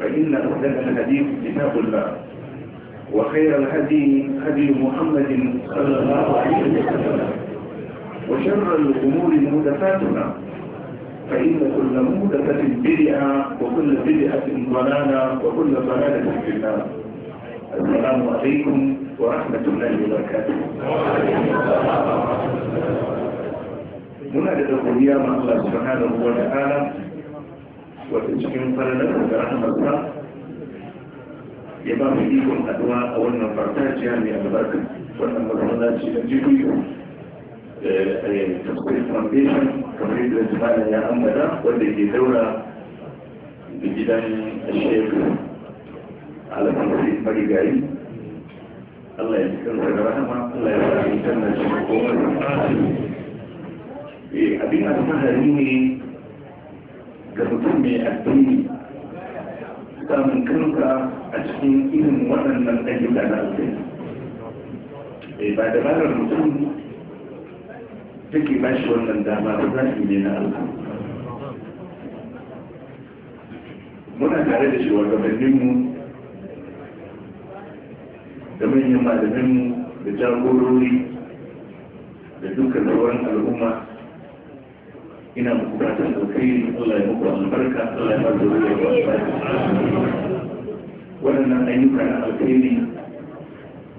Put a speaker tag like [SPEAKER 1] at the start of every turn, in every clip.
[SPEAKER 1] فإن أحدث الحديث كتاب الله وخير الهدي هدي محمد صلى الله عليه وسلم وشر الأمور مهدفاتنا فإن كل مهدفة بدعة وكل بدعة ضلالة وكل ضلالة في النار السلام عليكم ورحمة الله وبركاته
[SPEAKER 2] muna القيامة الله سبحانه وتعالى wata cikin falalar da
[SPEAKER 1] rahamarsa ya ba mu ikon haɗuwa a wannan farfajiya mai albarka wannan matsalaci na yi, eh, eh, tafsir foundation kamar yadda jimala ya ambata wanda ke daura da gidan shek alamansu marigayi Allah ya cikin da rahama Allah ya sa a yi tannan shi ko wani eh, abin alfahari ne ga mutum mai addini samun kanka a cikin irin waɗannan ayyuka na alkai eh, ba da barar mutum take ba shi wannan dama ba za su ne na Allah muna tare da shugabanninmu da manyan malaminmu da jagorori da dukkan ruwan al'umma ina bukatar alkhairi Allah ya muku albarka Allah ya ba da ruwa waɗannan ayyuka na alkhairi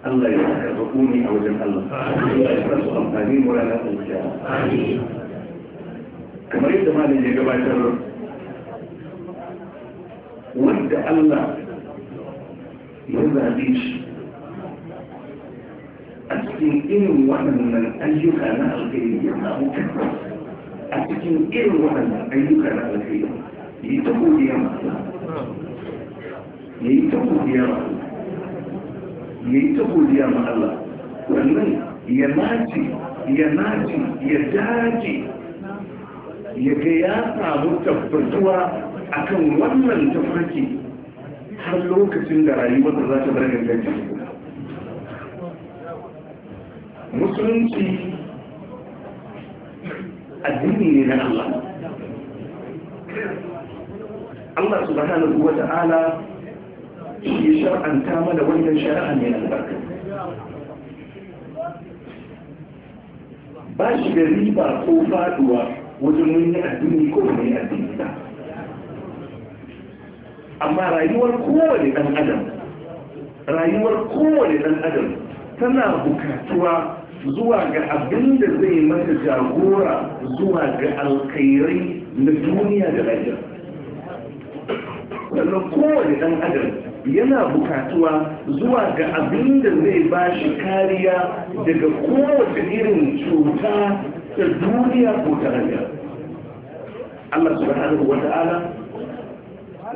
[SPEAKER 1] Allah ya karɓa kuni a wajen Allah Allah ya karɓa amfani mu ranar alkhairi kamar yadda malam ya gabatar wanda Allah ya zaɓe shi a cikin irin waɗannan ayyuka na alkhairi ya samu tabbas a cikin irin waɗannan ayyuka da alkhairi ya yi ta godiya masu ya yi ta godiya masu ya yi ta godiya ma Allah wannan ya naci ya naci ya dace ya ga ya samu tabbatuwa akan wannan tafarki har lokacin da rayuwarsa za ta bar da
[SPEAKER 2] musulunci
[SPEAKER 1] addini ne na Allah
[SPEAKER 2] Allah subhanahu wa ta'ala ya shar'anta mana wannan shari'a ne na barka
[SPEAKER 1] ba shi da riba ko faduwa wajen wani addini ko wani addini ba amma rayuwar kowane dan adam rayuwar kowane dan adam tana bukatuwa zuwa ga abin da zai mata jagora zuwa ga alkhairai na duniya da lafiya sannan kowane dan adam yana bukatuwa zuwa ga abin da zai ba shi kariya daga kowace irin cuta ta duniya ko ta lafiya
[SPEAKER 2] Allah subhanahu wa ta'ala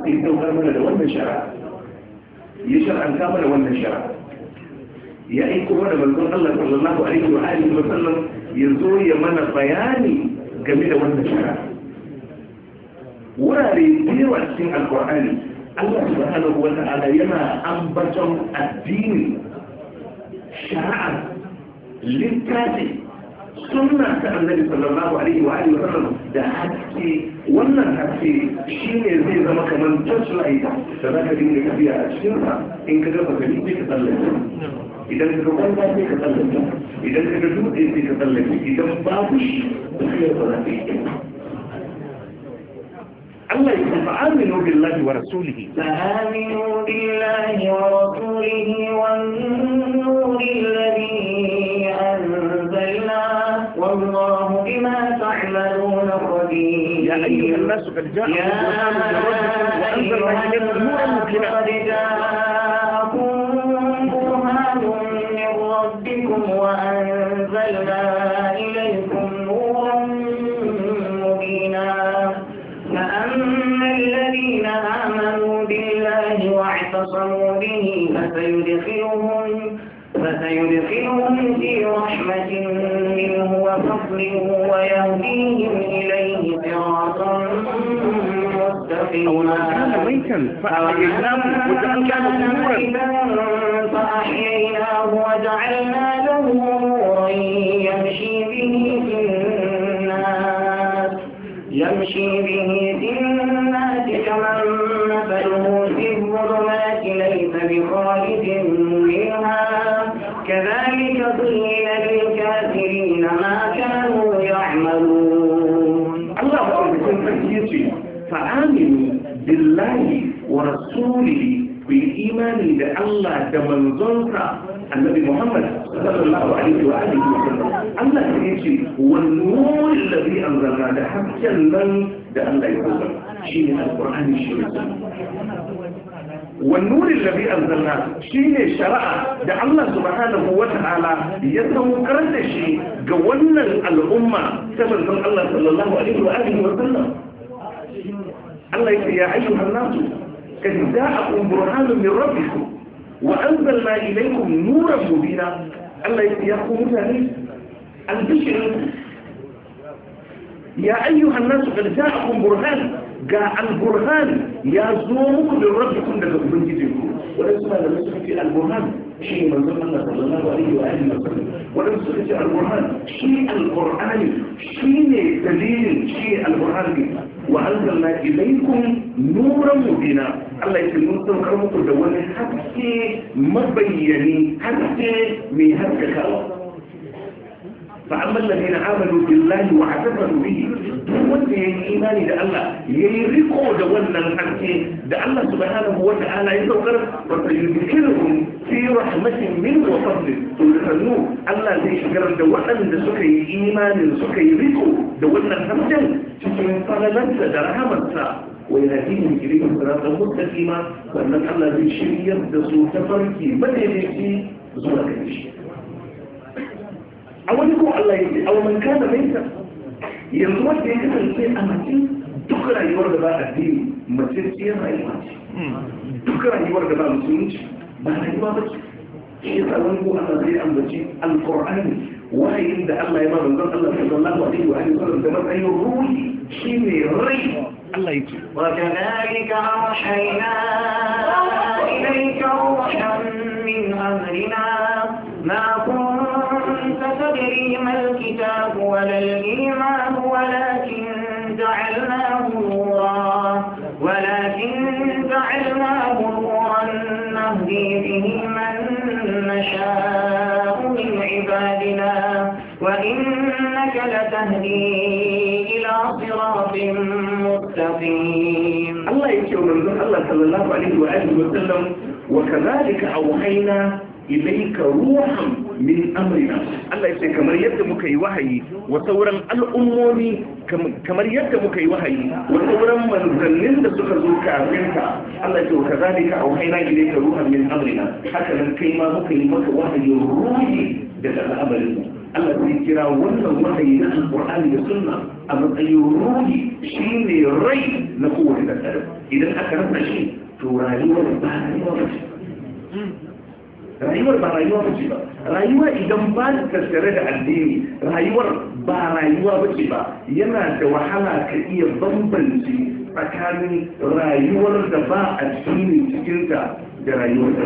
[SPEAKER 1] zai saukar mana da wannan shara ya shar'anta mana wannan shara ya yi kuma da manzon Allah sallallahu alaihi wa alihi wa sallam ya zo ya mana bayani game da wannan shara wurare biyu a cikin alkur'ani Allah subhanahu wa ta'ala yana ambaton addini shari'a littafi sunna ta annabi sallallahu alaihi wa alihi wa sallam da haske wannan haske shine zai zama kamar touchlight da zaka dinga tafiya a cikin sa in ka ga baka ka tsallake إذا الركن ما في تطلق إذا الحدود في تطلق إذا الطابش تخير ذاتي الله يقول فآمنوا بالله ورسوله
[SPEAKER 3] فآمنوا بالله ورسوله والنور الذي أنزلنا والله بما تعملون خبير يا أيها الناس قد جاءكم الرسول وأنزل عليكم نورا مبينا برهان من ربكم وأنزلنا إليكم نورا مبينا فأما الذين آمنوا بالله واعتصموا به فسيدخلهم فسيدخلهم في رحمة منه وفضل ويهديهم إليه صراطا أو من كان ميتا فأحييناه وجعلنا له نورا يمشي به في الناس يمشي به في
[SPEAKER 1] imani da Allah da manzonsa annabi Muhammad sallallahu alaihi wa alihi wa sallam Allah ya ce wan nur alladhi anzalna da hakkan nan da Allah ya saukar shine alqur'ani shi ne wan nur alladhi anzalna shine shari'a da Allah subhanahu wa ta'ala ya saukar da shi ga wannan al'umma ta manzon Allah sallallahu alaihi wa alihi wa sallam Allah ya ce ya ayyuhan nasu كان جاءكم برهان من ربكم وأنزلنا إليكم نورا مبينا ألا يقول مثالين البشر يا أيها الناس قد جاءكم برهان جاء البرهان يزومكم من ربكم من جدكم وليس ما لم يسمع في البرهان شيء من زمان الله صلى الله عليه وآله وسلم وليس في البرهان شيء القرآن شيء دليل شيء البرهان wa anzalna ilaykum nuran mubina Allah yake mun saukar muku da wani haske mabayyani haske mai haskakawa fa amma alladhina amanu billahi wa atafanu bihi duk wanda ya yi imani da Allah ya yi riko da wannan haske da Allah subhanahu wa ta'ala ya saukar wa sayyidikum fi rahmatin min wa fadlin to sannu Allah zai shigar da waɗanda suka yi imanin suka yi riko da wannan hasken cikin fadalarsa da rahamarsa da su ta مستقيما فإن الله ذي zuwa دسو shi. a wani زورك allah ya ce a wani من mai sa. yanzu wanda ya kasance a mace duk rayuwar da ba addini mace ce rayuwa ce hmm. duk rayuwar da ba musulunci ba rayuwa ba ce shi tsaron ko Allah zai ambaci alqur'ani wahayin da Allah ya ba manzon Allah sallallahu alaihi wa alihi wasallam da matsayin ruhi shine rai Allah yake wa
[SPEAKER 3] kadhalika arshayna ilayka ruhan min amrina ma kunta يدري ما الكتاب ولا الإيمان ولكن جعلناه نورا ولكن جعلناه نورا نهدي به من نشاء من عبادنا وإنك لتهدي إلى صراط مستقيم الله يكرم من الله صلى الله عليه وآله
[SPEAKER 1] وسلم وكذلك أوحينا إليك روحا min amrina Allah ya ce kamar yadda muka yi wahayi wa sauran al'ummomi kamar yadda muka yi wahayi wa sauran manzannin da suka zo kafin ka Allah ya ce kazalika auhayna ilayka ruhan min amrina haka nan kai ma muka yi maka wahayi ruhi daga al'amarin mu Allah zai kira wannan wahayi na qurani da sunna a matsayin ruhi shine rai na kowane ɗan idan aka rasa shi to rayuwar ba rayuwa ba rayuwar ba rayuwa ba ce ba rayuwa idan ba ta tattare da addini rayuwar ba rayuwa ba ce ba yana da wahala ka iya bambanci tsakanin rayuwar da ba addini cikinta da rayuwar da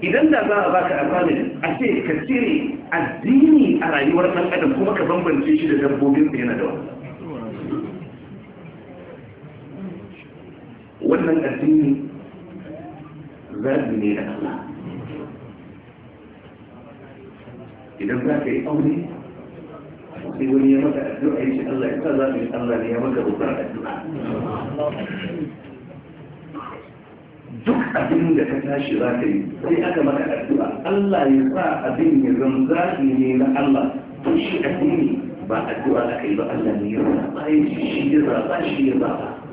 [SPEAKER 1] idan da za a baka asamin a ce ka cire addini a rayuwar ɗan adam kuma ka bambance shi da dabbobin da yana da wani wannan addini zaɓi ne da Allah idan za ka yi aure sai wani ya maka addu'a ya ce Allah ya sa zaɓi Allah ne ya maka rubar addu'a duk abin da ka tashi za ka yi sai aka maka addu'a Allah ya sa abin ya zama zaɓi ne na Allah tun shi addini ba addu'a aka yi ba Allah ne ya zaɓa ya ce shi ya zaɓa shi ya zaɓa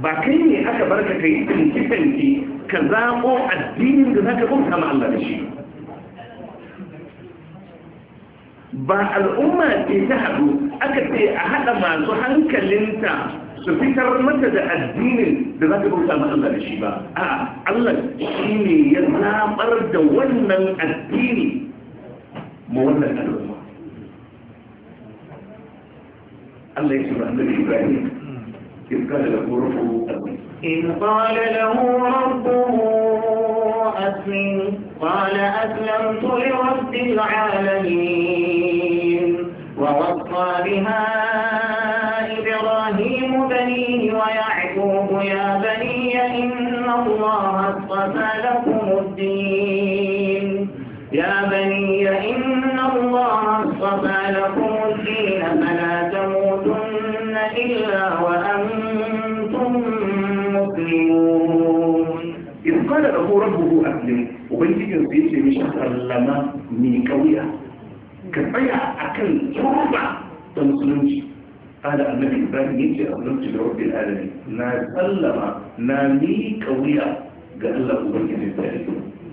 [SPEAKER 2] ba kai ne aka barka kai
[SPEAKER 1] tanki-tanki ka zaɓo addinin da za ka bauta ma Allah da shi ba al'umma ce ta haɗu aka ce a haɗa masu hankalinta su fitar mata da addinin da za ka bauta ma Allah da shi ba a Allah shi ne ya zaɓar da wannan addini ma wannan al'umma Allah ya ce ba Ibrahim إذ قال له ربه أسلم إذ قال
[SPEAKER 3] له ربه أسلم قال أسلمت لرب العالمين ووصى بها إبراهيم بنيه ويعقوب يا بني إن الله اصطفى لكم الدين يا بني إن الله اصطفى لكم
[SPEAKER 1] lahu rabbuhu aslim ubangijin sai ce mishi sallama ni kauya ka tsaya a kan turba ta musulunci ala annabi ibrahim a aslamtu li rabbil alamin na sallama na mi kauya ga Allah ubangijin sai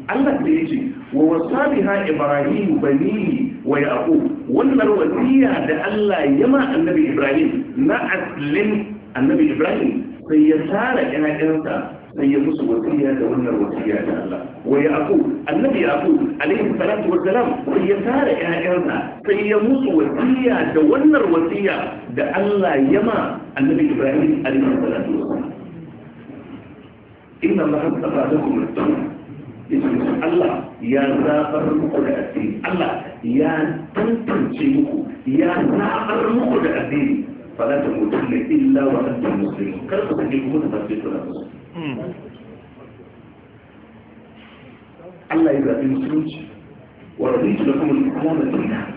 [SPEAKER 1] Allah da yace wa wasabiha ibrahim bani wa yaqub wannan wasiya da Allah ya ma annabi ibrahim na aslim annabi ibrahim sai ya tara ƴaƴansa sai ya musu wasiya da wannan wasiya da Allah wa yaqu annabi yaqu alaihi salatu wa salam sai ya tara ƴaƴansa sai ya musu wasiya da wannan wasiya da Allah ya ma annabi Ibrahim alaihi salatu wa salam inna Allah tafa lakum al-tawhid Allah ya zabar muku da addini Allah ya tantance muku ya zabar muku da addini fala ta mutu ne illa wa anta muslim kar ka sani ku mutu tafi ku nan Allah ya ga din musulunci wa radiyatu lakum al-islamu dinan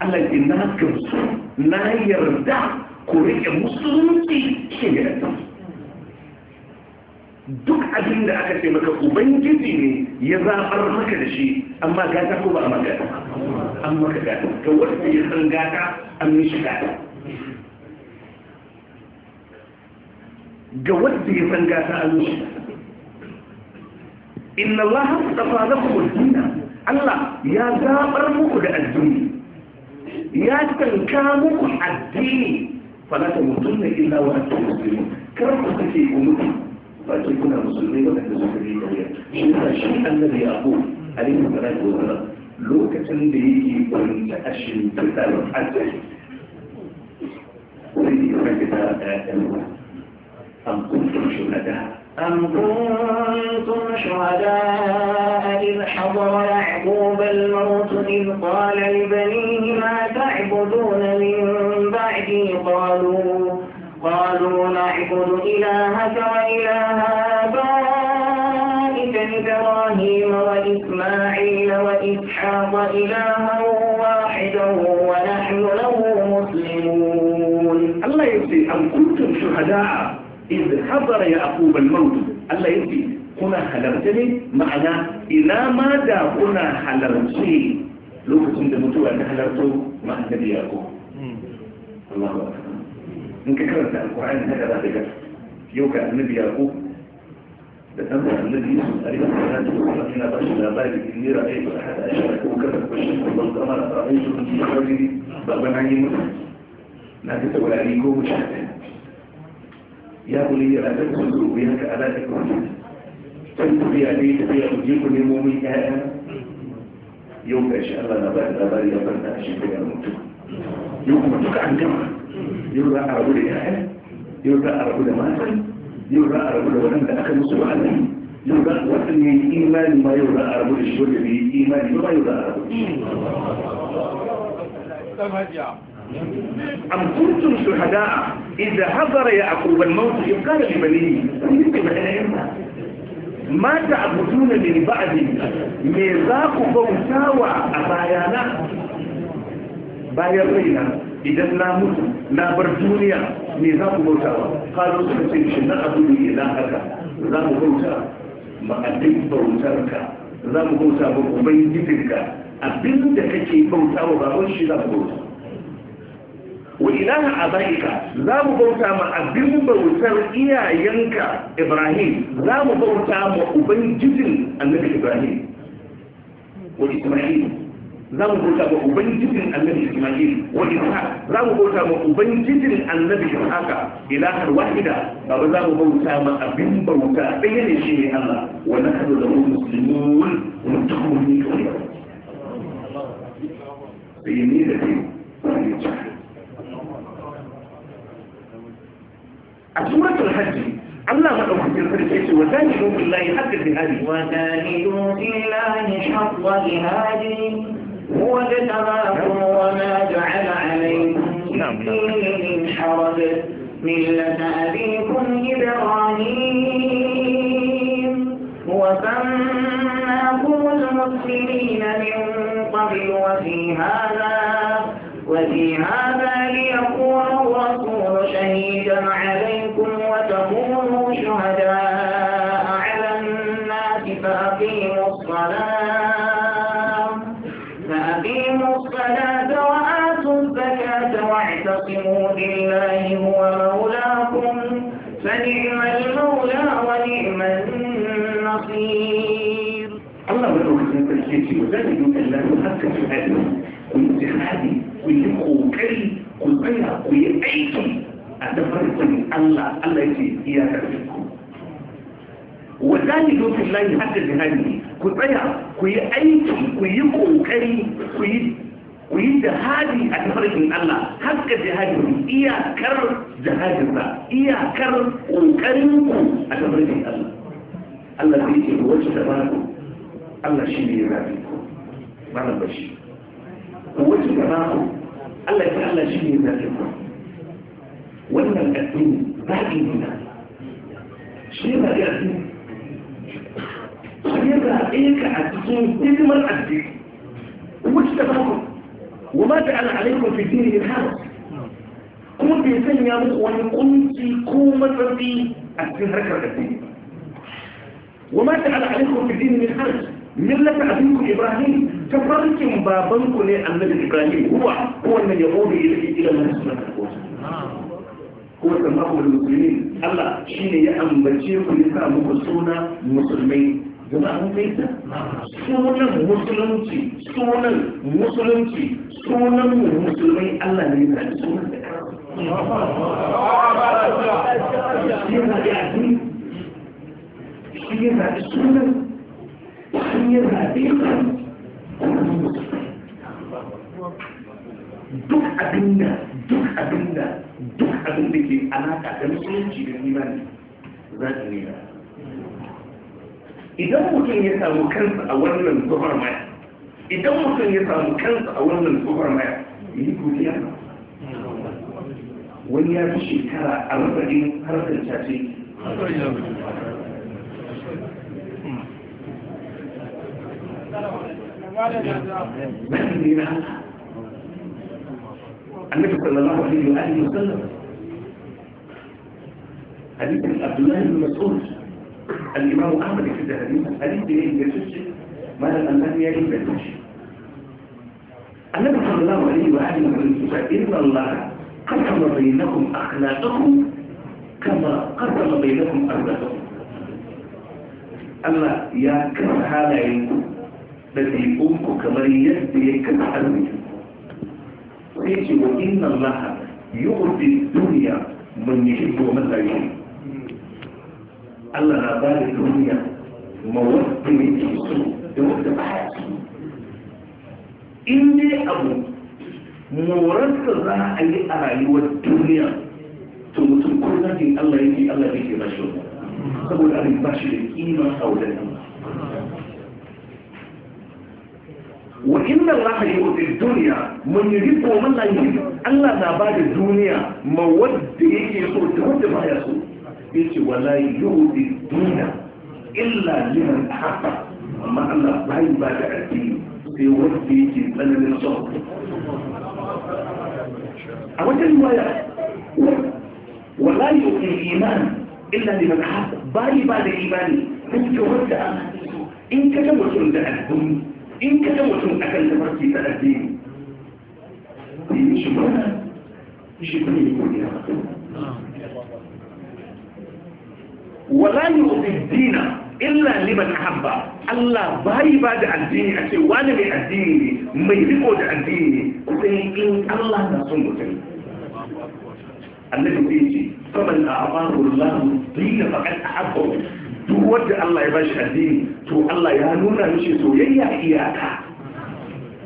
[SPEAKER 1] Allah ya inna ka musu na yarda ku rike musulunci ke ga duk abin da aka taimaka ubangiji ne ya zabar maka da shi amma gata ko ba a magana amma ka gata ka wanda ya san gata an yi shi ga wanda ya san gata a zuciya inna Allah tafa lakum ad-din Allah ya zabar muku da addini ya tanka muku addini fala tamutunna illa wa antum muslimun kar ku kace ku mutu ba ce kuna musulmai ba da suka yi kauya shi ne shi annabi yaqub alaihi salatu wa salam lokacin da yake kwanta a shimfiɗar ajiyar sai ya rage ta ɗaya ɗaya أم كنتم شهداء أم
[SPEAKER 3] كنتم شهداء إذ حضر يعقوب الموت إذ قال لبنيه ما تعبدون من بعدي قالوا قالوا نعبد إلهك وإله آبائك إبراهيم وإسماعيل وإسحاق
[SPEAKER 1] إلها واحدا ونحن له مسلمون الله يبدي أم كنتم شهداء إذ حضر يعقوب الموت الله يبدي هنا حلمتني معنى إلى ماذا هنا حلمتني لو كنت متوى أن حلمته ما النبي يعقوب الله أكبر إن كثرت القرآن هذا ذلك يوكا النبي يعقوب لأن النبي يسوع عليه الصلاة والسلام إلى بشر أبائي إني رأيت أحد أشرك وكذا بشر الله القمر رأيت ان في خرجي بابا نعيم لا تتولى لي قوم شهدين يا بني ادم بينك اباتك وحدك في يديك في يديك لمؤمن ادم يوم ان شاء الله نبات نبات يبقى نعشق يا ممتوك يوم ممتوك عن جمع يوم راى رجل اهل يوم راى رجل ماتم يوم راى رجل ولم تاخر نصب عليه يوم راى وطن ايمان ما يوم راى رجل الشغل بايمان ما يوم راى رجل الشغل أم كنتم شهداء إذا حضر يعقوب الموت إذ قال لبنيه ما تعبدون من بعد ميزاق بوتاوى أبايانا bayan raina idan na mutu na bar duniya ne za ku bauta ba kazo suka ce shi na abu ne na haka za mu bauta ma'adin bautarka za mu bauta ba ubangijinka abin da kake bauta wa baban shi za mu bauta wa ilaha abaika za mu bauta ma abin bautar iyayenka ibrahim za mu bauta ma ubangijin annabi ibrahim wa isma'il za mu bauta ma ubangijin annabi isma'il wa isa za mu bauta ma ubangijin annabi ishaka ilahar wahida ba za mu bauta ma abin bauta ɗaya ne shi ne allah wa nahnu wani muslimun mutakawwin kawai
[SPEAKER 2] sai ni da kai
[SPEAKER 1] a suratul hajji الله مدعوكم في الفرسيس وثانيوا بالله حق الهادي في الله حق الهادي
[SPEAKER 3] هو اجتباكم وما جعل عليكم فيه نعم، نعم. من حرج ملة أبيكم إبراهيم وسماكم المسلمين من قبل وفي هذا وفي هذا ليكون الرسول شهيدا عليكم وتكونوا شهداء على الناس فأقيموا الصلاة فأقيموا الصلاة وآتوا الزكاة واعتصموا
[SPEAKER 1] بالله
[SPEAKER 3] هو مولاكم فنعم المولى ونعم النصير
[SPEAKER 1] الله يقول لك الشيء وذلك الله يحكم في هذا ku yi kokari ku tsaya ku yi aiki a tafarkin Allah Allah yake iya karfin ku wa zahidu fillahi haka jihadi ku tsaya ku yi aiki ku yi kokari ku yi ku yi jihadi a tafarkin Allah haska jihadi iyakar jihadinsa iyakar ƙoƙarinku a tafarkin Allah Allah zai ce wacce da ba Allah shi ne ya zafi ku ba na bashi قوتي تماما الله تعالى شيء من ذلك وإن الأدين باقي منا شيء باقي أدين شيء إيه باقيك أدين دلما أدين قوتي تماما وما جعل عليكم في دين الحرب كون بيسن يا مخوان كومة في أدين هكذا الدين وما جعل عليكم في دين من خلص ملة عبدكم إبراهيم tafarkin babanku ne annabi ibrahim huwa kowanne ya ya fi ila man suna ko wata abu musulmi Allah shine ya ambace ku ya sa muku suna musulmai zama an kai ta sunan musulunci sunan musulunci sunan musulmai Allah ne ya sa sunan da shi ya zaɓi shi ya zaɓi sunan shi ya zaɓi duk abinda duk abinda duk abinda ke alaka da musulunci da imani za ta nera idan mutum ya samu kansa a wannan tsohon maya idan mutum ya samu kansa a wannan tsohon maya yi godiya wani ya fi shekara a rabarin harkar cace
[SPEAKER 2] Thank you. النبي صلى الله عليه وآله وسلم
[SPEAKER 1] حديث عبد الله بن مسعود الإمام أحمد في الحديث حديث إيه يسجد ما لم أنه يجب أن النبي صلى الله عليه وآله وسلم إن الله قسم بينكم أخلاقكم كما قسم بينكم أرزاقكم الله يا كم هذا ينكم ɗabi'unku kamar yadda ya kasa arziki sai ce wa inna laha yu'ti duniya man yuhibbu man la yuhibbu Allah na ba da duniya ma wanda yake so da wanda ba so in dai abu morarsa za a yi a rayuwar duniya to mutum ko zafin Allah yake Allah yake ba shi saboda abin ba shi da kima a wajen وإن الله يؤتي الدنيا من يجب ومن لا يجب الله لا الدنيا مودة يسوع تهد ما يسوع إيش ولا يؤتي الدنيا إلا لمن أحب أما الله باي بعد الدين في ودي يجي من الصوت أود الرواية ولا يؤتي الإيمان إلا لمن أحب باي بعد إيماني أنت ودي أماني إن كتبت عند الدنيا إن كتبوا شمع أكل مركي فأدين دين شمع شمع يكون يا ولا يؤذي الدين إلا لمن أحبه الله باي بعد الدين أتي وانا من الدين ما يبقوا دع الدين وكين الله نصنه تلك الذي يجي فمن أعطاه الله الدين فقد أحبه duk wanda Allah ya bashi addini to Allah ya nuna mishi soyayya iyaka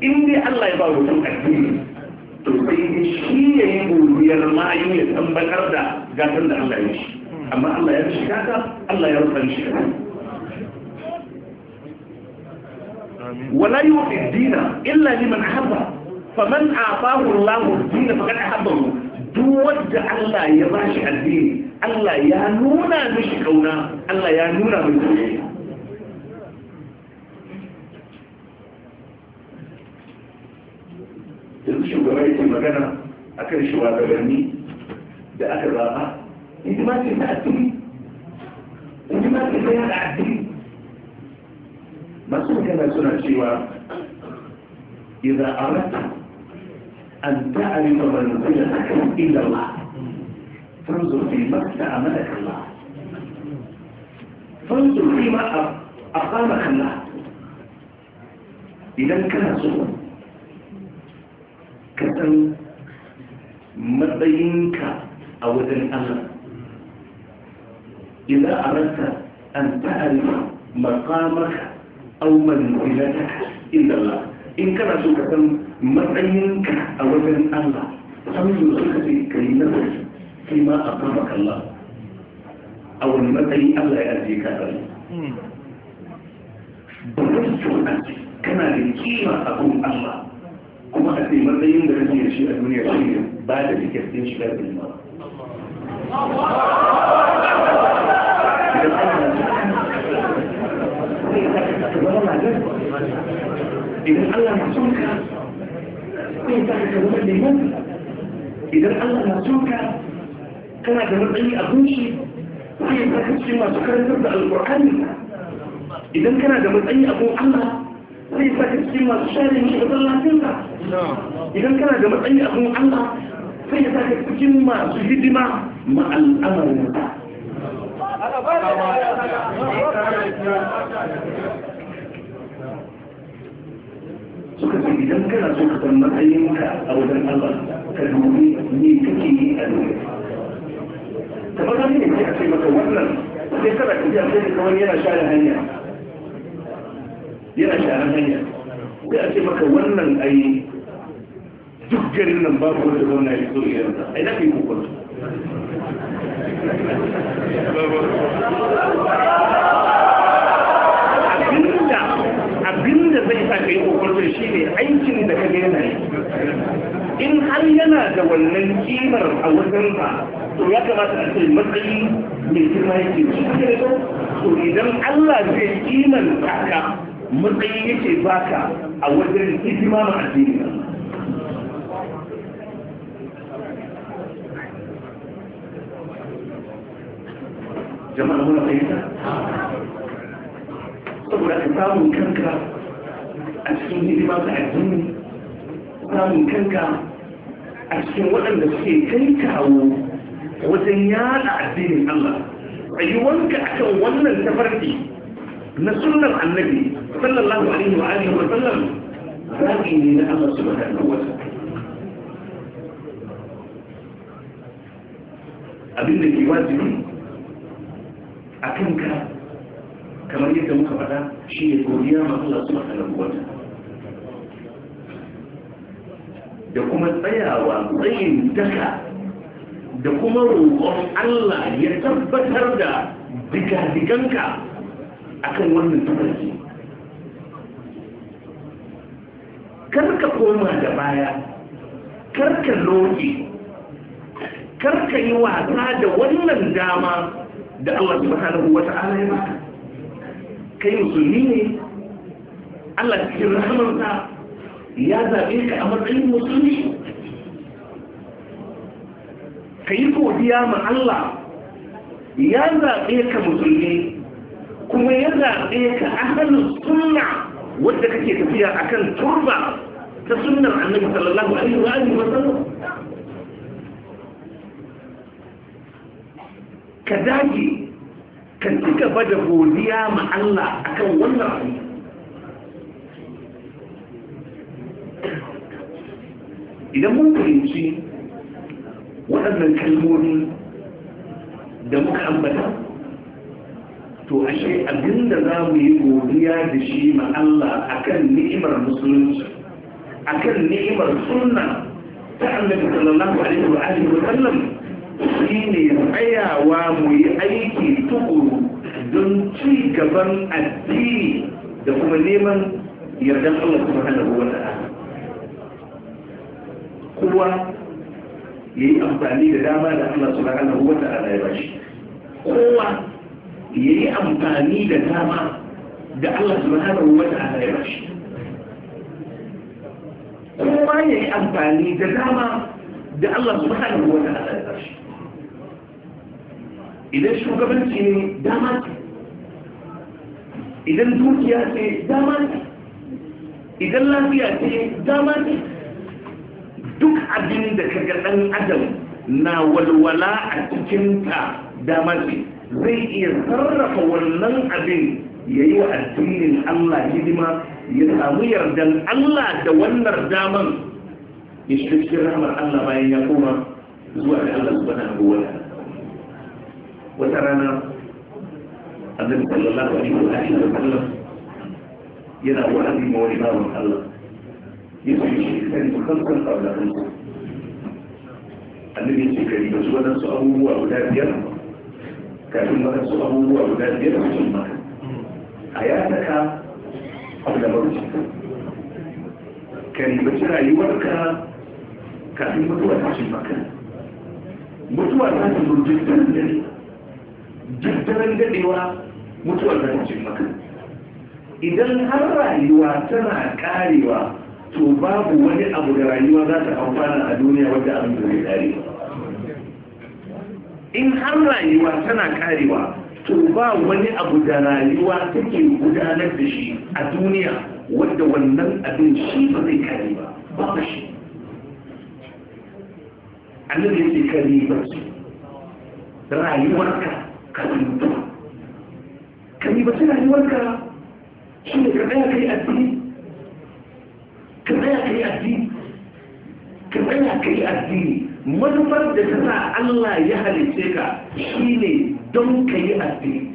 [SPEAKER 1] in dai Allah ya ba mutum addini to sai dai shi ya yi godiyar mayu ya tambatar da gatan da Allah ya shi amma Allah ya shi kaka Allah ya rufa shi kaka
[SPEAKER 2] wala yu'ti dina
[SPEAKER 1] illa liman habba faman a'tahu Allahu ad-din faqad ahabbahu duk wanda Allah ya bashi addini Allah ya nuna mishi kauna Allah ya nuna mishi soyayya yanzu shugaba yake magana akan shugabanni da aka zaba hidima ce ta addini hidima ce ta yada addini masu magana suna cewa إذا أردت أن تعرف منزلتك إلا الله فانظر فيما استعملك الله فانظر فيما أقامك الله إذا كان سوء كتن مبينك أو ذن الله إذا أردت أن تعرف مقامك أو منزلتك إلا الله إن كان سوء كتن مبينك أو ذن الله فانظر فيك كي kai ma a kama kalla a wani matsayi Allah ya ajiye ka tsaye ba ka ci cikin aji kana da kima a kun Allah kuma a sai matsayin da kake da shi a duniya shi ne ba da tiket din shiga da lima idan
[SPEAKER 2] Allah na son ka sai ka zama liman
[SPEAKER 1] idan Allah na son ka كان جمال علي أبوشي وهي أبوشي ما شكرا تبدا القرآن إذا كان جمال علي أبو محمد وهي فاتت سيما تشاري مش بطلع تلقى إذا كان جمال علي أبو محمد فهي فاتت سيما تهدم مع الأمر سكت إذا كان سكت من أي مكان أو من الله كالمؤمن من فكه أدوية da maza ne ne a ce maka wannan sai kana a sai ka wani yana share hanya
[SPEAKER 2] yana share hanya sai a ce maka
[SPEAKER 1] wannan ai duk garin nan babu wanda zauna ya zo ya rasa ai na kai kokon abinda abinda zai sa ka yi kokon shi ne aikin da ka gani in har yana da wannan kimar a wajen ba to ya kamata a ce matsayi mai girma yake cikin to idan Allah zai kiman ka matsayi yake baka a wajen hidima ma addini
[SPEAKER 2] jama'a muna fahimta
[SPEAKER 1] saboda ka samu kanka a cikin hidima ta addini samun kanka a cikin waɗanda suke kai kawo wajen yada addinin Allah ayyuwanka akan wannan tafarki na sunnar annabi sallallahu alaihi wa alihi wa sallam zaɓi ne na Allah subhanahu wa ta'ala
[SPEAKER 2] abin da ke wajibi
[SPEAKER 1] a ka kamar yadda muka faɗa shi ne godiya ma Allah subhanahu wa ta'ala da kuma tsayawa tsayin daka da kuma roƙon Allah ya tabbatar da digadiganka akan wannan tafarki karka koma da baya karka loke karka yi wasa da wannan dama da Allah da wa ta'ala ya baka
[SPEAKER 2] kai musulmi
[SPEAKER 1] ne Allah cikin rahamarsa ya zaɓe ka a matsayin musulmi ka yi godiya ma Allah ya zaɓe ka musulmi kuma ya zaɓe ka ahalin sunna wadda kake tafiya akan turba ta sunan annabi sallallahu alaihi wa alihi wasallam ka dage ka ci gaba da godiya ma Allah akan wannan abu idan mun fahimci waɗannan kalmomi da muka ambata to ashe abinda za mu yi godiya da shi ma Allah akan ni'imar musulunci akan ni'imar sunna ta annabi sallallahu alaihi wa alihi wa sallam shine tsayawa mu yi aiki tukuru don ci gaban addini da kuma neman yardan Allah subhanahu wa ta'ala kowa yayi amfani da dama da Allah subhanahu wa ta'ala ya bashi kowa yayi amfani da dama da Allah subhanahu wa ta'ala ya bashi kowa yayi amfani da dama da Allah subhanahu wa ta'ala ya bashi idan shugabanci ne dama ce idan dukiya ce dama ce idan lafiya ce dama ce duk abin da ga ɗan adam na walwala a cikinta dama ce zai iya sarrafa wannan abin ya yi wa addinin Allah hidima ya samu yardan Allah da wannan daman ya shiga cikin rahmar Allah bayan ya koma zuwa da Allah subhanahu wa ta'ala wata rana annabi sallallahu alaihi wa sallam yana wa'azi ma wani bawan Allah yana yi shekari da farkon aularinsa annabi shekari da su waɗansu abubuwa guda biyar kafin waɗansu abubuwa guda biyar a cikin mata a ya saka aularinsa kan bace rayuwarka kafin mutuwa ta cikin mata mutuwa ta ta zo jiddaren dare jiddaren dadewa mutuwa cikin mata idan har rayuwa tana karewa to babu wani abu da rayuwa za ta amfana a duniya wadda abin da zai kare in har rayuwa tana karewa to ba wani abu da rayuwa take gudanar da shi a duniya wadda wannan abin shi ba zai kare ba ba shi annabi yake kare ba rayuwar ka ka tuntu ka yi ba ka shi ne ka tsaya kai addini ka tsaya ka yi addini ka tsaya ka yi addini manufar da ta sa Allah ya halice ka ne don ka yi addini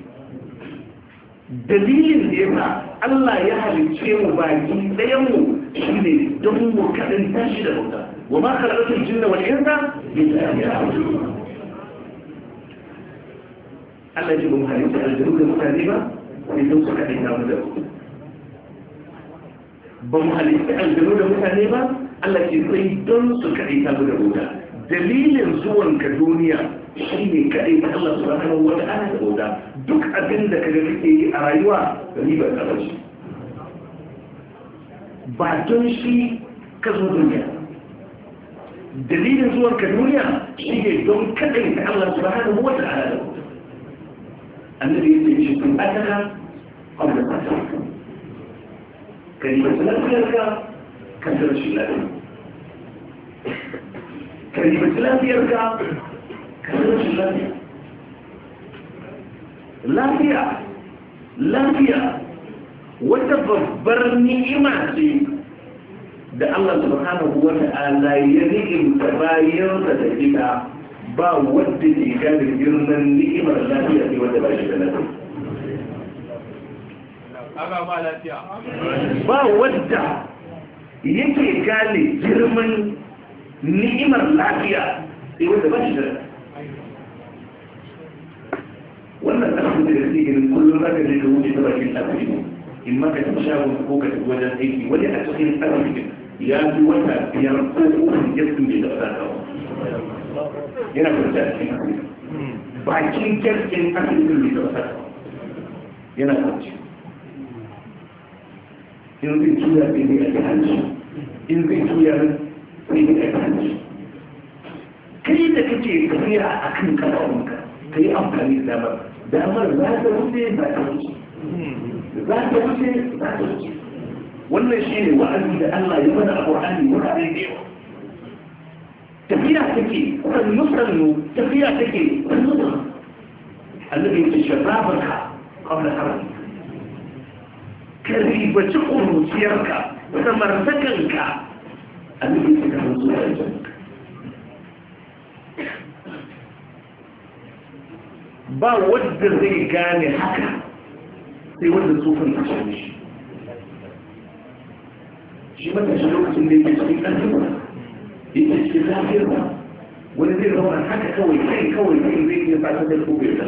[SPEAKER 1] dalilin da ya sa Allah ya halice mu baki ɗayan mu ne don mu kaɗan tashi da bauta wa ma kalaratun jinna wal insa Allah ya ji ba mu halitta aljanu da mutane ba sai don su kaɗan tamu da bauta ba mu halitta aljanu da mutane ba Allah ke sai don su kaɗai ta da bauta dalilin zuwan ka duniya shi ne kaɗai ta Allah su rahama wata ana da bauta duk abin da kaga kake yi a rayuwa da ribar ƙasar shi ba don shi ka zo duniya dalilin zuwan ka duniya shi ne don kaɗai ta Allah su rahama wata ana da bauta annabi ya ce shi kun adana ƙwamnati ka ribanci lafiyarka lafiya lafiyarka ka da lafiya lafiya wata babbar ni'ima ce da Allah subhanahu wa ta'ala ya ni'imta bayan da ita ba wadda ke ganin girman ni'imar lafiya ne wadda ba shi da lafiya
[SPEAKER 2] ba wadda
[SPEAKER 1] yake gane girman ni'imar lafiya sai wanda ba shi da
[SPEAKER 2] wannan ɗarfin
[SPEAKER 1] da yake ginin kullum za ka je da wuce ta bakin ɗarfi in ma ka tafi shagon ko ka tafi wajen aiki wani a cikin ɗarfi ya fi wata biyar ko uku ya sun bai da wadata yana kwanci a cikin bakin kyarkin asibitin bai da wadata yana kwanci in zai tura sai dai a ji hanci in zai tura sai dai a ji hanci kai da kake tafiya a kan kafafunka ka yi amfani da damar damar za ta wuce ba ta wuce
[SPEAKER 2] za ta wuce
[SPEAKER 1] ba ta wuce wannan shi ne wa'azi da Allah ya mana a Qur'ani wurare da yawa tafiya take sannu sannu tafiya take sannu sannu annabi ya ce sharrafarka qabla harbi ka ribaci ƙuruciyarka da martakanka a nufin da kan zuwa ba wadda zai gane haka sai wadda tsofin a cikin shi shi matashi lokacin da yake cikin ƙarfinsa yake cikin lafiyarsa wani zai zama haka kawai kai kawai kai zai iya fata da kobe da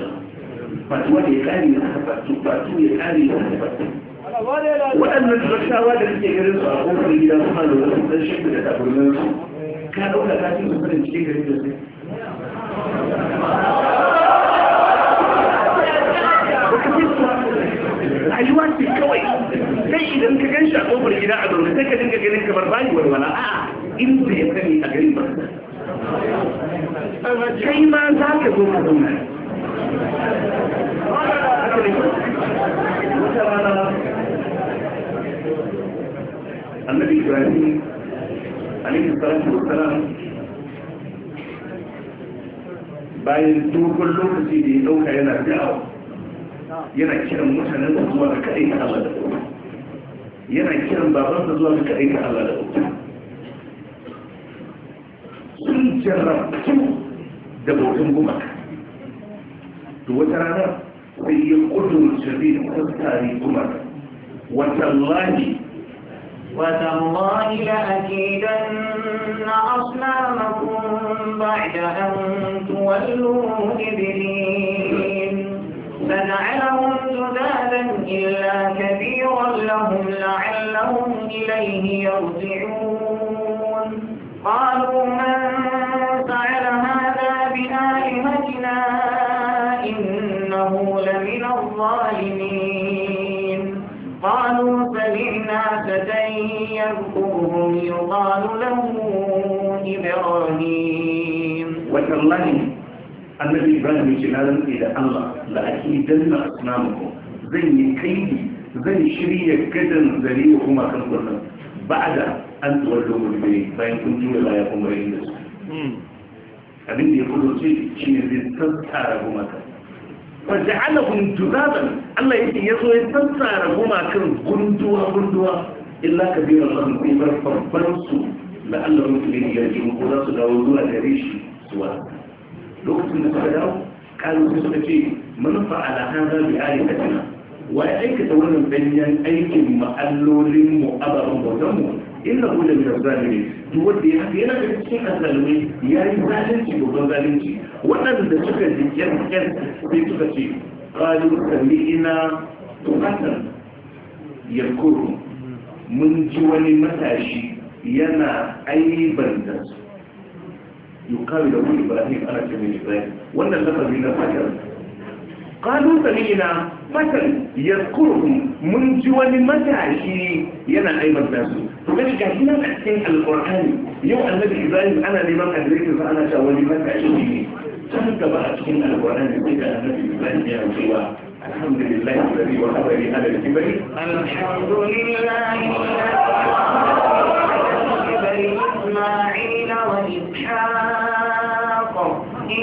[SPEAKER 1] ba tuwa da ya ƙari na haka ba ya ƙari na haka waɗannan rashawa da suke garin su a kofar gida suna da wasu ɗan shi da taburmin su ka ɗauka ta ce su farin cikin garin da su rayuwa ce kawai sai idan ka gan shi a kofar gida a zaune sai ka dinga ganin kamar bayi walwala a inda ya sani a garin ba kai ma za ka zo ka zauna annabi ibrahim alaihi salatu wassalam bayan dogon lokaci da ya dauka yana da'awa yana kiran mutanen da zuwa ga kaɗai ta Allah da yana kiran baban da zuwa ga kaɗai ta Allah da sun jarrabtu da bautan gumaka da wata rana sai ya kudurce zai tattare gumaka watallahi
[SPEAKER 3] وتالله لأكيدن أصنامكم بعد أن تولوا مدبرين فجعلهم زبادا إلا كبيرا لهم لعلهم إليه يرجعون قالوا من فعل هذا بآلهتنا إنه لمن الظالمين يقال له إبراهيم
[SPEAKER 1] وتالله النبي إبراهيم جلال إلى الله لأكيدن أصنامكم زي كيدي زي شرية كدن ذريعكم أكن كلهم بعد أن تولوا مدبرين فإن كنتم لا يقوم بإنس abin da ya kudu ce shi ne zai tattara gumakan wajen alakun juzaban allah yake ya so ya tattara gumakan gunduwa gunduwa illa kabiran lahum sai bar babban su la'allahu ya yarji'un ko za su dawo zuwa gare shi zuwa lokacin da suka dawo kalu sai suka ce man fa'ala hadha bi alihatina wa ya aikata wannan danyen aikin ma'allolin mu ababen bautan mu inna hu lamina zalimin duk wanda ya haka yana da cikin azalmai ya yi zalunci babban zalunci waɗanda suka ji kyarkyar sai suka ce kalu ina tukatan yakuru mun ji wani matashi yana aibanta su yukawi da wani ibrahim ana ce mai ibrahim wannan lafazi na fatar kalu samina fatar ya mun ji wani matashi yana aibanta su to gani ga shi nan a cikin alkur'ani yau annabi ibrahim ana neman adireshin sa ana cewa wani matashi ne can gaba a cikin alkur'ani sai da annabi ibrahim ya cewa الحمد لله الذي وهبني على الكبر الحمد لله الذي
[SPEAKER 3] إسماعيل وإسحاق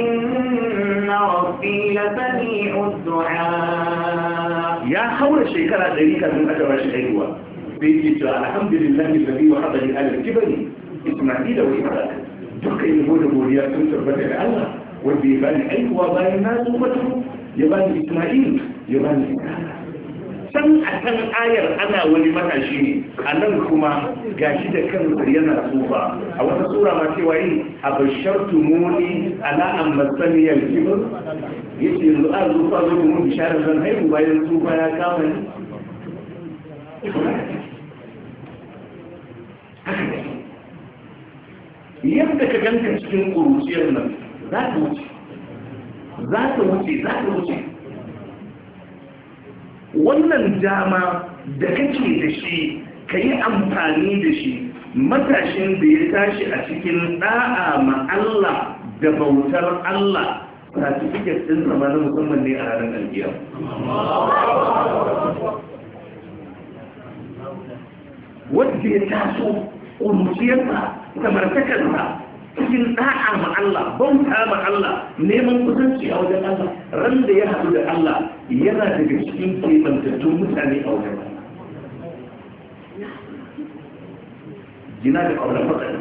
[SPEAKER 3] إن ربي لسميع الدعاء
[SPEAKER 1] يا حول لا تريك من أجر الشعيوة بيجي الحمد لله الذي وهبني على الكبر إسماعيل وإسحاق duka yin gode godiya sun tabbata da Allah wanda ya bani aikuwa bayan na tsofato ya bani can a kan ayar ana wani matashi a nan kuma gashi da kansa yana tsufa a wata tsura ma cewa yi a bashar tumoni ala an matsaniyar kibir ya ce yanzu a zufa zo kuma bisharar zan haihu bayan tsufa ya kama ni yadda ka ganka cikin ƙuruciyar nan za ta wuce za ta wuce za ta wuce wannan dama da kake da shi ka yi amfani da shi matashin da ya tashi a cikin ɗa'a ma Allah da bautar Allah certificate ɗin zama na musamman ne a ranar aljiya wadda ya taso ƙuruciyarsa samartakarsa cikin ɗa'a ma Allah bauta ma Allah neman kusanci a wajen Allah ran da ya haɗu da Allah yana daga cikin kebantattun mutane a wajen jina da ƙaunar faɗaɗi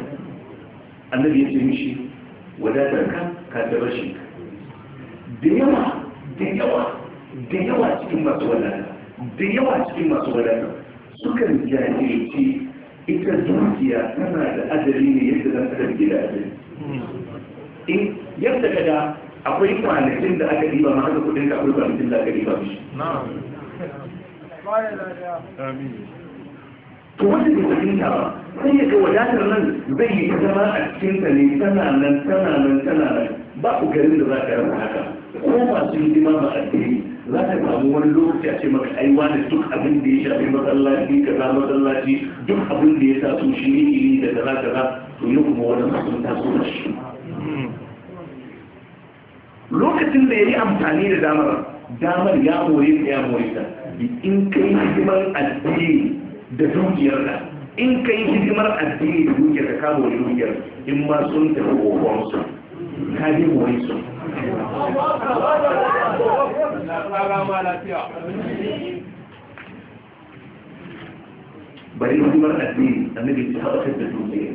[SPEAKER 1] annabi ya ce mishi wadatar ka ka tabar shi da yawa da yawa da yawa cikin masu wadatar da yawa cikin masu wadata sukan jajirce ita zuciya tana da adali ne yadda zan adam ke da adali in eh, yadda ka da akwai kwanakin da aka riba ma haka kudin ka akwai kwanakin da aka riba mishi to wanda ke
[SPEAKER 2] cikin ba
[SPEAKER 1] sai ya ga wadatar nan zai yi zama a cikin ta ne tana nan tana nan tana nan ba ku garin da za ka rasa haka ko masu hidima ba addini za ka samu wani lokaci a ce maka ai wani duk abin da ya shafi masallaci za masallaci duk abin da ya sa su shi ne da kaza kaza to yau kuma wani masu ta da shi lokacin da ya yi amfani da damar damar ya more ta ya more ta in kai hidimar addini da dukiyar ka in kai hidimar addini da dukiyar ka kamo dukiyar in ma sun tafi gogon su ka bi more su bari hidimar addini annabi ta haɗa da dukiyar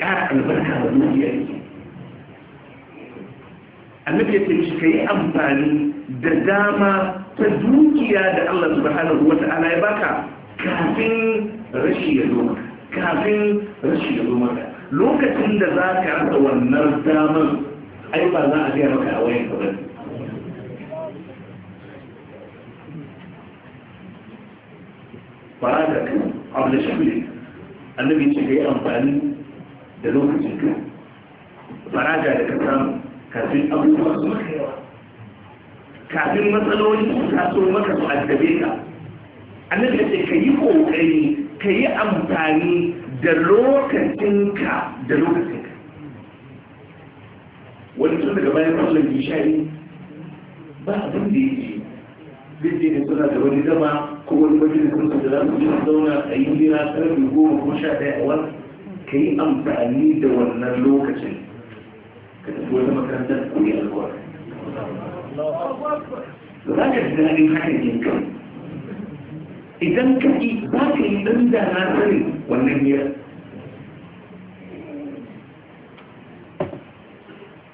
[SPEAKER 1] ƙara albarka da dukiyar annabi ya ce mishi ka yi amfani da dama ta dukiya da Allah subhanahu wa ya baka kafin rashi ya zo kafin rashi ya zo maka lokacin da za ka rasa wannan damar ai ba za a gaya maka a wayan ka bane faradak abu da shi annabi ce ka yi amfani da lokacin ka faraga da ka samu kafin abubuwa su maka yawa kafin matsaloli su taso maka su addabe ka annabi ya ce ka yi kokari ka yi amfani da lokacinka da lokacinka wani tun daga bayan kwallon bishari ba abin da yake zai da suna da wani zama ko wani majalisun su da za su jin zauna a yi jira karfe goma ko sha ɗaya a wani ka yi amfani da wannan lokacin ka da koyi alkuwar ba za ka idan ka yi ka yi ɗan da na sani wannan yiyar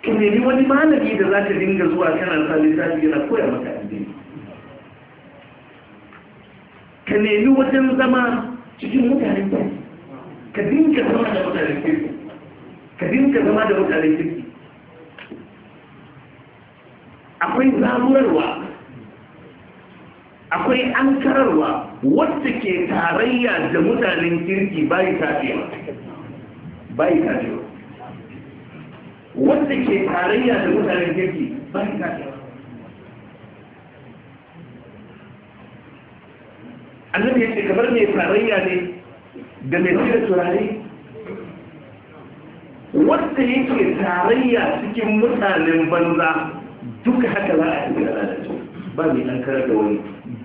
[SPEAKER 1] ka nemi wani malami da za ka dinga zuwa kana sa littafi yana koya maka addini ka nemi wajen zama cikin mutanen ka dinka zama da mutanen ka dinka zama da mutanen akwai zarurarwa, akwai an kararwa wadda ke tarayya da mutanen kirki bayi tafiya bayi tafiya wadda ke tarayya da mutanen kirki bayi tafiya An ya ce kamar mai tarayya ne da mai tsira turare wadda yake tarayya cikin mutanen banza duka haka za a tafi ana da ba mai an karar da wani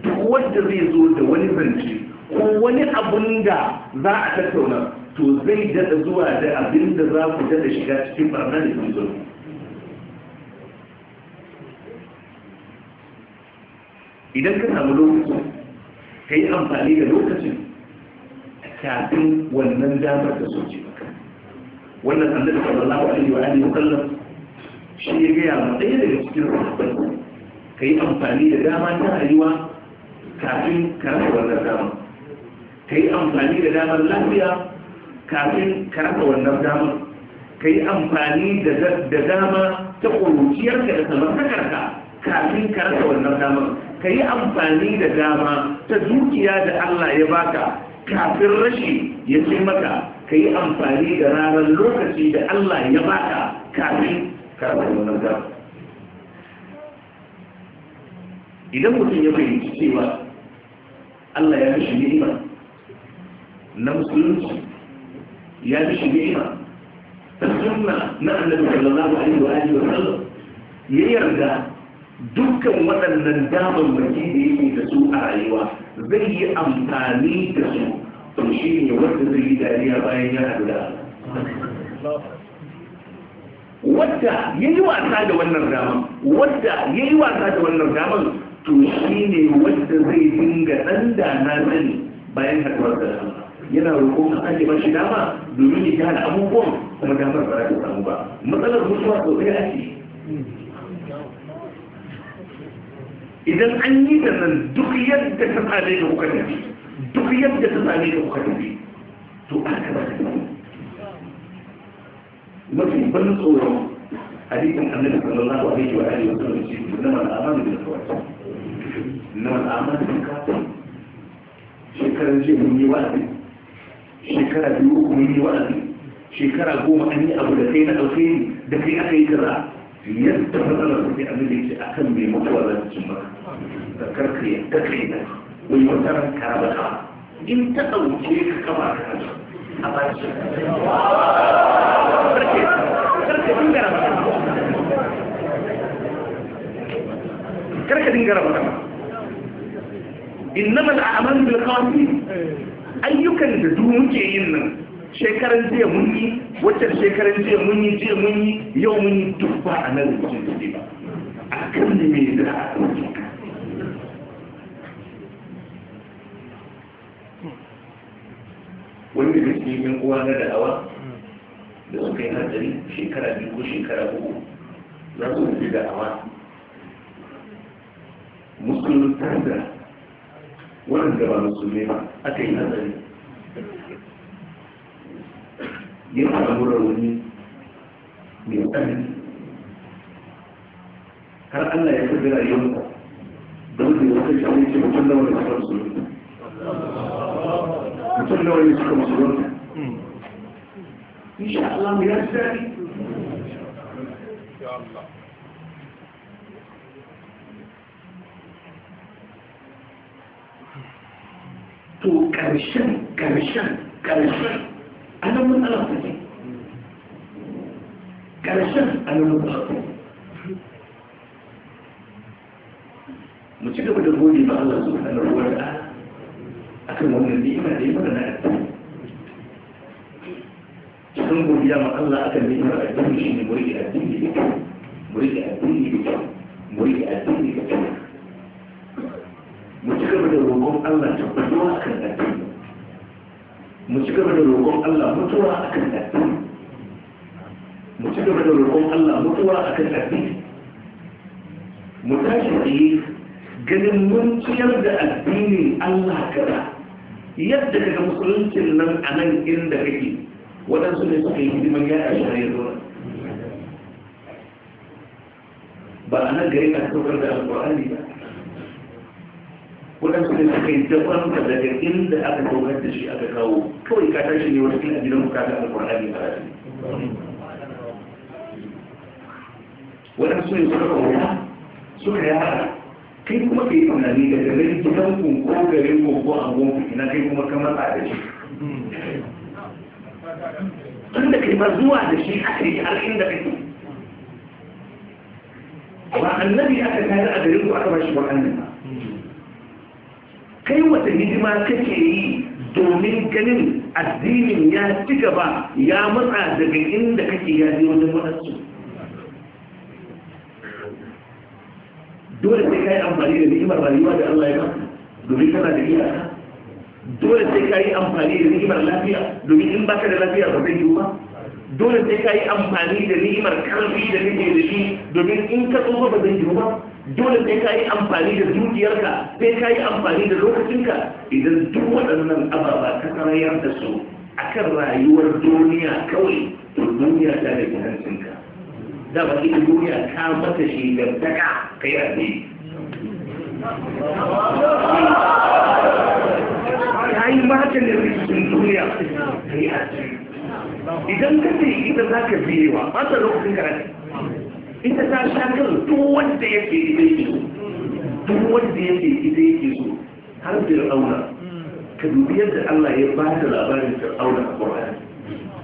[SPEAKER 1] duk wanda zai zo da wani zance ko wani abun da za a tattauna to zai daɗa zuwa da abin da za ku daɗa shiga cikin barna da ke zuwa idan ka samu lokaci ka yi amfani da lokacin kafin wannan damar da soke maka wannan annabi sallallahu alaihi wa alihi wa sallam shi ya gaya ma ɗaya daga cikin sahabbai ka yi amfani da dama ta rayuwa kafin ka rasa wannan dama ka yi amfani da damar lafiya kafin ka rasa wannan dama ka yi amfani da dama ta ƙuruciyarka da samartakarka kafin ka rasa wannan dama. ka yi amfani da dama ta dukiya da Allah ya baka kafin rashi ya ce maka ka yi amfani da ranar lokaci da Allah ya baka kafin kana yi wannan gaba idan mutum ya fahimci cewa Allah ya fi mishi ni'ima na musulunci ya mishi ni'ima ta sunna na annabi sallallahu alaihi wa alihi wa sallam ya yarda dukkan waɗannan damar damarmaki da yake da su a rayuwa zai yi amfani da su to shi ne wanda zai yi dariya bayan ya haɗu da Allah
[SPEAKER 2] wadda
[SPEAKER 1] ya yi wasa da wannan daman wadda ya yi wasa da wannan daman to shi ne wadda zai dinga ɗan da na sani bayan haɗuwar da dama yana roƙon an ake bashi shi dama domin ya gane abubuwan kuma damar ba za ta samu ba matsalar mutuwa sosai ake idan an yi da nan duk yadda ta same da kuka tafi duk yadda ta same da kuka tafi to aka ba ta mafi ban tsoro hadisin annabi sallallahu alaihi wa alihi wa sallam shi ne na al'amari da kawai na al'amari da kafin shekarar jiya mun yi wa'azi shekara biyu uku mun yi wa'azi shekara goma an yi abu da kai na alkhairi da kai aka yi kira yadda matsalar da kai annabi ce akan mai mutuwa za ta cin da karka yadda kai da wani wata ran karabata in ta ɗauke ka kama ka a bashi karka dinga rama rama innama al'amal bil khafi ayyukan da duk muke yin nan shekaran jiya mun yi wacce shekaran jiya mun yi jiya mun yi yau mun yi duk ba a nan cikin da ba a kan ne mai da a wanda da cikin uwa na da'awa da suka yi hatsari shekara biyu ko shekara uku za su fi awa musulun tanda wannan ba musulmi ba aka yi nazari. ya samu wani mai tsanani har allah ya fi rayuwarsa don da wata shi ne ce mutum nawa ne suka musulunta mutum nawa ne suka musulunta إن شاء الله ميسر إن شاء الله to karshen karshen karshen alamun alaƙa ne karshen alamun alaƙa mu ci gaba da gode ba Allah su hannarwar da akan wannan ni'ima da ya mana na sun godiya ma Allah akan ni'imar addini shi ne muriki addini da kyau muriki addini da kyau muriki addini da kyau mu ci gaba da roƙon Allah tabbatuwa akan addini mu ci gaba da roƙon Allah mutuwa akan addini mu ci gaba da roƙon Allah mutuwa akan addini mu tashi tsaye ganin mun ciyar da addinin Allah kaza yadda daga musuluncin nan a nan inda kake waɗansu ne suka yi hidiman yaya shi har yanzu ba a nan gari na saukar da alƙur'ani ba waɗansu ne suka yi daban daga inda aka saukar da shi aka kawo kawai ka tashi ne wata kila gidan ka ga alƙur'ani ba waɗansu ne suka kawo suka yara kai kuma ka yi tunani daga gari gidan ku ko garin ku ko angon ku ina kai kuma kamar a da shi tun da kai ba zuwa da shi aka yi har inda kake ba annabi aka tare a garin ku aka ba shi wa'annan ba kai wata hidima kake yi domin ganin addinin ya ci gaba ya matsa daga inda kake ya je wajen waɗansu dole sai kai amfani da ni'imar rayuwa da Allah ya ba domin kana da iyaka dole sai ka yi amfani da ni'imar lafiya domin in baka da lafiya ba zai yiwu ba dole sai ka yi amfani da ni'imar karfi da kake da shi domin in ka tsoho ba zai yiwu ba dole sai ka yi amfani da dukiyarka sai ka yi amfani da lokacinka idan duk waɗannan ababa ka karayar da su akan rayuwar duniya kawai to duniya ta da gidansinka da ba ita duniya ta mata shi gantaka kai addini wancan da rikicin duniya idan ka ce ita za ka wa ba ta lokacin karatu ita ta sha kan da ya ke ita yake so da wanda ke ita yake so har auna, ka dubi yadda Allah ya ba da labarin auna a ƙwararri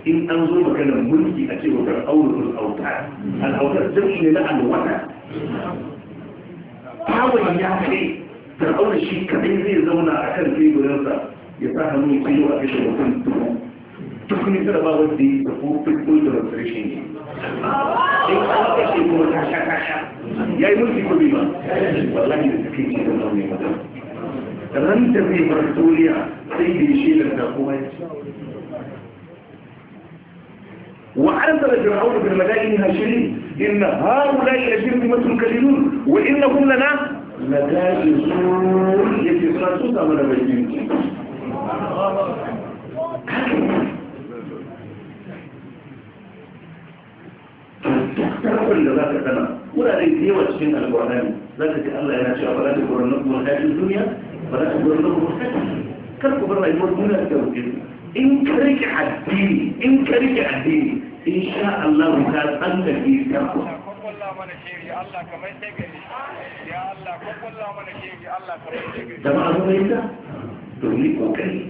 [SPEAKER 1] in an zo maganar mulki a cewa fir'auna al-autar al-autar jami'i ne na alwata kawai ya kai auna shi kadai zai zauna a kan teburinsa يفهموا يقولوا أكثر وكل تكون تكون مثل بعض الدين تقول في كل دراسة شيء إيه؟ إيه؟ إيه؟ يا يمكن كل ما والله يمكن يا ما من هذا لم تبي مرتوليا تيجي شيء لتقوي وعند رجعوا من المدائن هاشرين إن هؤلاء الأشير بمثل كليلون وإنهم لنا مدائن يتفاصل أمر بجين karfin da za ka tana wuraren da yawa cikin za ka ji Allah yana cewa ba za kuma hajjin duniya ba za ta gurin kuma hajjin kar ku bar rayuwar duniya da in ka rike addini in ka rike addini in sha Allah ka ka yi ta to kokari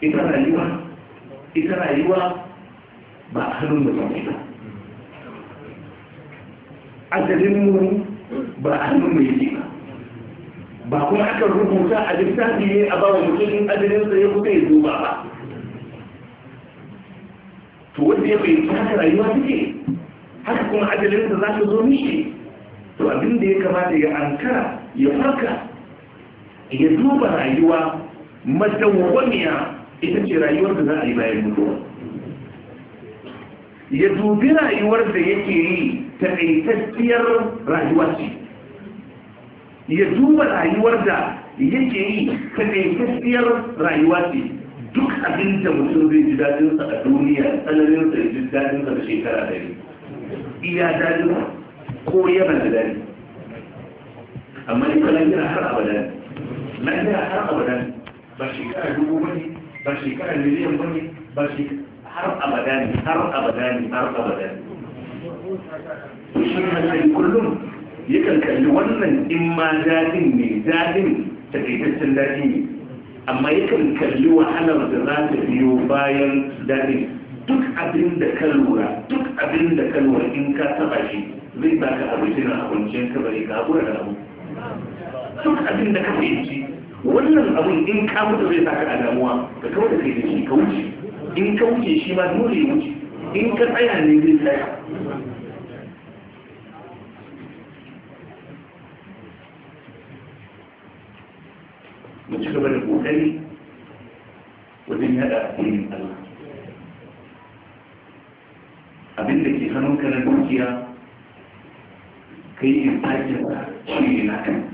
[SPEAKER 1] ita rayuwa ita rayuwa ba a hannun da sauki ba asalin mu ba a hannun mai ji ba ba kuma aka rubuta a littafi ne a bawa mutum ajalinsa ya kuka ya zuba ba to wanda ya bai haka rayuwa take haka kuma ajalinsa za ka zo mishi to abin da ya kamata ya ankara ya farka ya duba rayuwa madawwamiya ita ce rayuwar da za a yi bayan mutuwa ya dubi rayuwar da yake yi ta taitacciyar rayuwa ce ya duba rayuwar da yake yi ta taitacciyar rayuwa ce duk abin da mutum zai ji dadinsa a duniya tsananin sa ji dadinsa da shekara dari iya dadinsa ko yana da dari amma ita lafiya har abada lafiya har abada ba shi shekara dubu ba ne ba shekara miliyan ba ne ba har abada ne har abada ne har abada ne shi hankali kullum yakan kalli wannan in ma dadin ne dadin takaitaccen dadi ne amma yakan kalli wahalar da za ta biyo bayan dadin duk abin da ka lura duk abin da ka lura in ka taba shi zai baka abinci na abincin ka bari ka hakura da abu duk abin da ka fahimci wannan abin in ka mutu zai saka a damuwa ka kawo da kai da shi ka wuce in ka wuce shi ma dole ya wuce in ka tsaya ne zai tsaya mu ci gaba da kokari wajen yada ilimin Allah abin da ke hannunka na dukiya kai in ajiyar shi ne na kan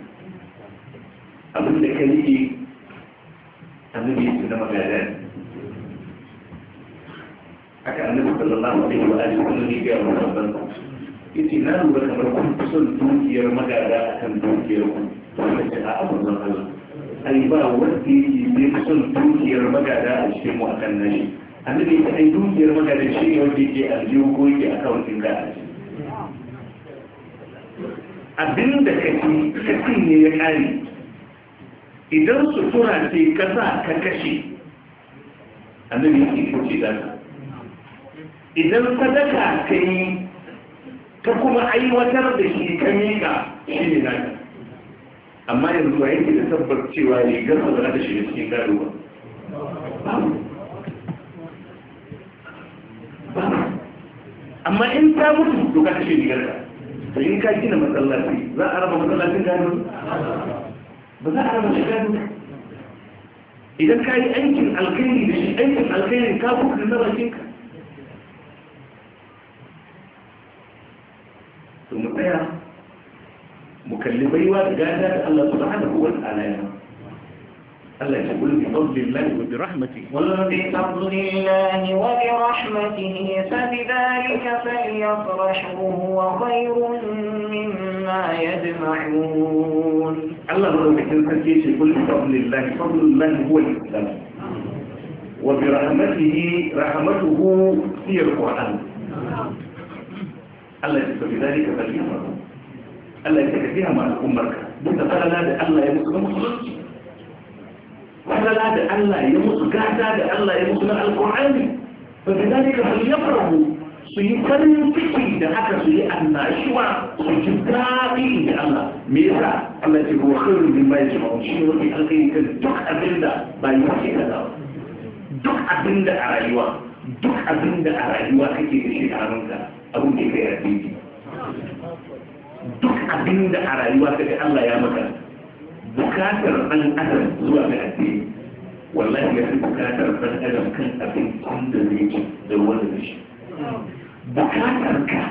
[SPEAKER 1] abin da ka yi annabi su na magana aka annabi sallallahu alaihi wa alihi sallam ne ga musamman yace na lura kamar kun fi son dukiyar magada akan dukiyar ku wannan ce a amazon Allah ai ba wanda yake ne son dukiyar magada a cikin mu akan nashi annabi ya ai dukiyar magada shi ne wanda yake aljihu ko yake akawuntin ka abinda kake kake ne ya kare idan sutura ce ka kashe. ka kashe yi yake kuce su. idan sadaka ka yi ka kuma aiwatar da shi ka miƙa shi ne na naka amma yanzu a yake da tabbar cewa ya gama ba da shi da cikin gado ba amma in ta mutu to ka ne rigar ka yin ka gina matsalasi, za a raba matsalacin gado فزعر مشكلاته إذا كان أنتم ألقيني بشيء أنتم ألقيني كابوك لمرة شكا ثم تيا مكلمي وقال الله سبحانه هو الآلام الذي يقول بفضل الله وبرحمته قل بفضل
[SPEAKER 3] الله وبرحمته فبذلك فليفرحوا هو خير مما يجمعون
[SPEAKER 1] الله رب العالمين يقول بفضل الله فضل الله هو الإسلام وبرحمته رحمته في القرآن الله يقول بذلك فليفرحوا الله يتكفيها مع الأمة بنت فعلا لأن الله falala da Allah ya musu gata da Allah ya musu na alkur'ani ba da zalika falyafrahu su yi farin ciki da haka su yi annashuwa su ji daɗi da Allah me yasa Allah ce ko khairu min ma yajma'u shi ne wani alkhairi kan duk abinda ba yi wace kaza duk abinda a rayuwa duk abinda a rayuwa kake da shi a hannunka abin da kai addini duk abinda a rayuwa kake Allah ya maka bukatar ɗan adam zuwa ga addini wallahi ya fi bukatar ɗan adam kan abincin da zai ci da ruwan da shi bukatar ka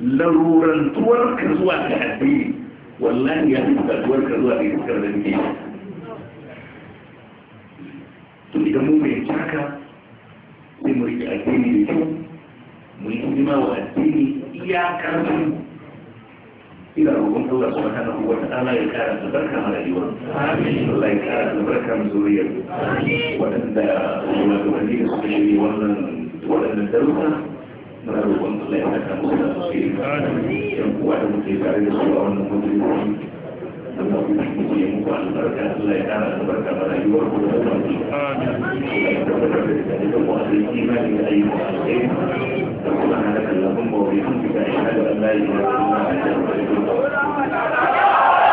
[SPEAKER 1] larurantuwar ka zuwa ga addini wallahi ya fi bukatuwar ka zuwa ga iskar da ke to idan mu bai haka sai mu riƙe addini da kyau mu yi hidima wa addini iyakar mu ina roƙon Allah subhanahu wa ta'ala ya kara albarka a rayuwar amin Allah ya kara albarka a zuriyar waɗanda shugabanni da suka shirya wannan waɗannan daruka muna roƙon Allah ya saka musu da alheri yan uwa da muke tare da su a wannan mutum Allah ya muku a rayuwar ku amin